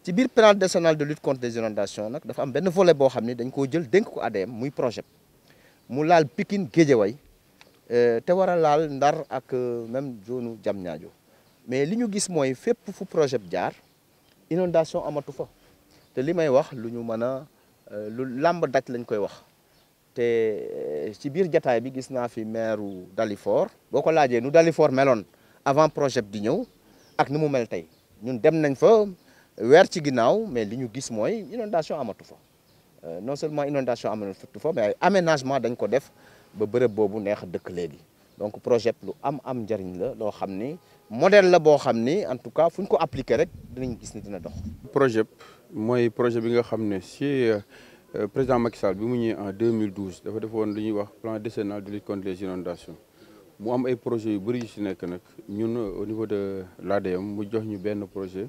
ci biir plan décennal de lutte contre les inondations nag dafa am benn volet boo xam ne dañ koo jël dénk ko ADM muy projet mu laal Pikine Guédiawaye euh, te war laal Ndar ak euh, même zone Diamniadio mais li ñu gis mooy fépp fu projet bi jaar inondation amatu fa te li may wax lu ñu mën a euh, lu làmb daj lañ koy wax te ci biir jataay bi gis naa fi maire Dalifort boo ko laajee nu Dalifort meloon avant projet bi di ñëw ak ni mu mel tey ñun dem nañ fa weer ci ginnaaw mais li ñu gis inondation amatu fa euh, non seulement inondation amatu fa mais aménagement dañ ko def ba bërëb boobu neex dëkk léegi donc projet lu am am njëriñ la loo xam modèle la boo xam en tout cas fu ñu ko appliquer rek dinañ gis ni dina dox. projet mooy projet bi nga xam ne si euh, président Macky Sall bi mu ñëwee en 2012 dafa defoon lu ñuy wax plan décennal de lutte contre les inondations mu am ay projets yu bëri yu nekk nag ñun au niveau de l'ADM mu jox ñu benn projet.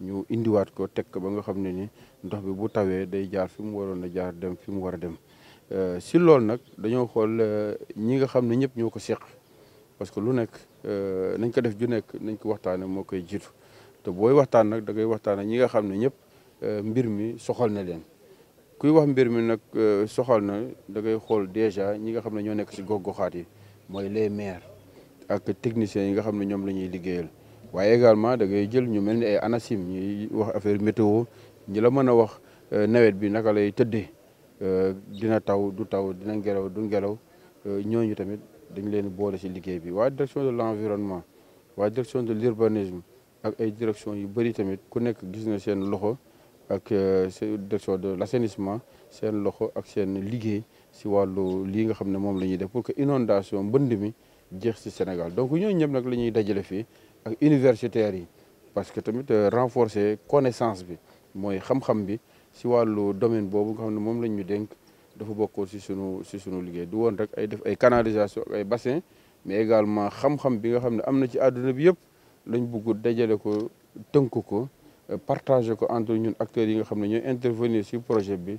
ñu indiwaat ko teg ko ba nga xam ne ni ndox bi bu tawee day jaar fi mu waroon a jaar dem fi mu war a dem euh, si lool nag dañoo xool euh, ñi nga xam ne ñëpp ñoo ko seq parce que lu nekk euh, nañ ko def ju nekk nañ ko waxtaane moo koy jiitu te booy waxtaan nag da ngay waxtaan ak ñi nga xam ne ñëpp mbir mi soxal na leen kuy wax mbir mi nag soxal na da xool déjà ñi nga xam ne ñoo nekk si gox yi mooy les maires ak techniciens yi nga xam ne ñoom la ñuy liggéeyal waaye également da ngay jël ñu melni ay anasim ñuy wax affaire météo ñi la mëna wax euh, nawet bi naka lay tëddee euh, dina taw du taw dina ngelaw du ngelaw euh, ñooñu tamit dañ leen boole ci liggéey bi wa direction de l'environnement wa direction de l'urbanisme ak ay direction yu bari tamit ku nekk gis na seen loxo ak direction de l'assainissement seen loxo ak seen liggéey si wàllu lii nga xam ne moom la ñuy def pour que inondation mbënd mi jeex si Sénégal donc ñooñu ñëpp nag la ñuy dajale fii ak universitaires yi parce que tamit euh, renforcer connaissance bi moy xam-xam bi ci walu domaine bobu nga xamne mom moom lañ ñu dénk dafa bokkoon ci sunu ci sunu liggéey du won rek ay def ay canalisation ay bassin mais également xam-xam bi nga xamne amna ci aduna bi yépp lañ bugg dajalé ko tënk ko euh, partager ko entre ñun acteurs yi nga xamne ñoy intervenir ci projet bi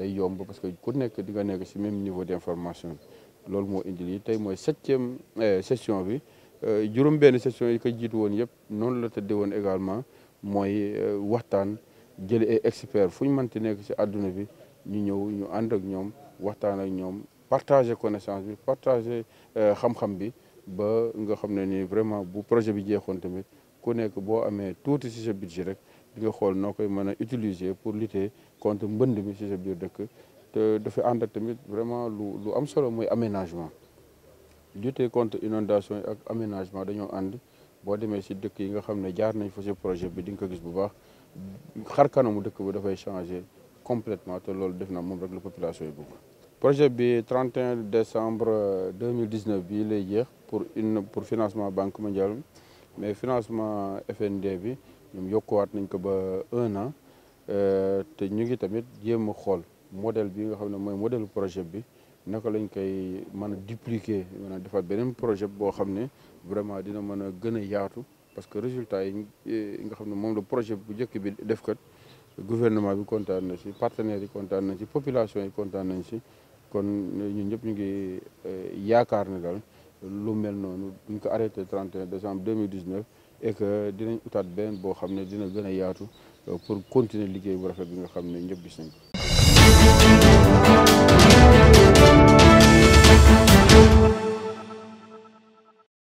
day yomb parce que ku nek diga nek ci même niveau d'information information mo loolu moo indi lii tey mooy septième eh, session bi eh, juróom ben session yi ko jiitu woon yëpp noonu la tëddee won également moy eh, waxtan jëli ay experts fu ñu mënti nekk si àdduna bi ñu ñëw ñu and ak ñom waxtan ak ñom partager connaissance bi partager xam-xam bi ba nga xamné ni vraiment bu projet bi jeexoon tamit ku nek bo amé tuuti ci ce budget rek nous nga utilisé utiliser pour lutter contre le mi ci sa biir dëkk te dafa ànd tamit vraiment lu lu am solo aménagement lutter contre inondation ak aménagement dañoo ànd boo demee ci dëkk yi nga jaar projet bi di ko bu baax changer complètement te loolu def la population yi projet bi 31 décembre 2019 bi lay jeex pour une pour financement banque mondiale mais financement FND bi ñoom yokk waat nañ ko ba un an euh, te ñu ngi tamit jéem a xool modèle bi nga xam ne mooy modèle projet bi naka lañ koy mën a dupliquer a defar beneen projet boo xam ne vraiment dina mën a gën a yaatu parce que résultat yi nga xam ne moom la projet bu njëkk bi def kat gouvernement bi kontaan na ci partenaires yi kontaan nañ ci population yi kontaan nañ ci kon ñu ñëpp ñu ngi euh, yaakaar ne daal lu mel noonu duñ ko arrêté 31 décembre 2019 et que dinañ utaat benn boo xam ne dina gën a yaatu pour continuer liggéey bu rafet bi nga xam ne ñëpp gis nañ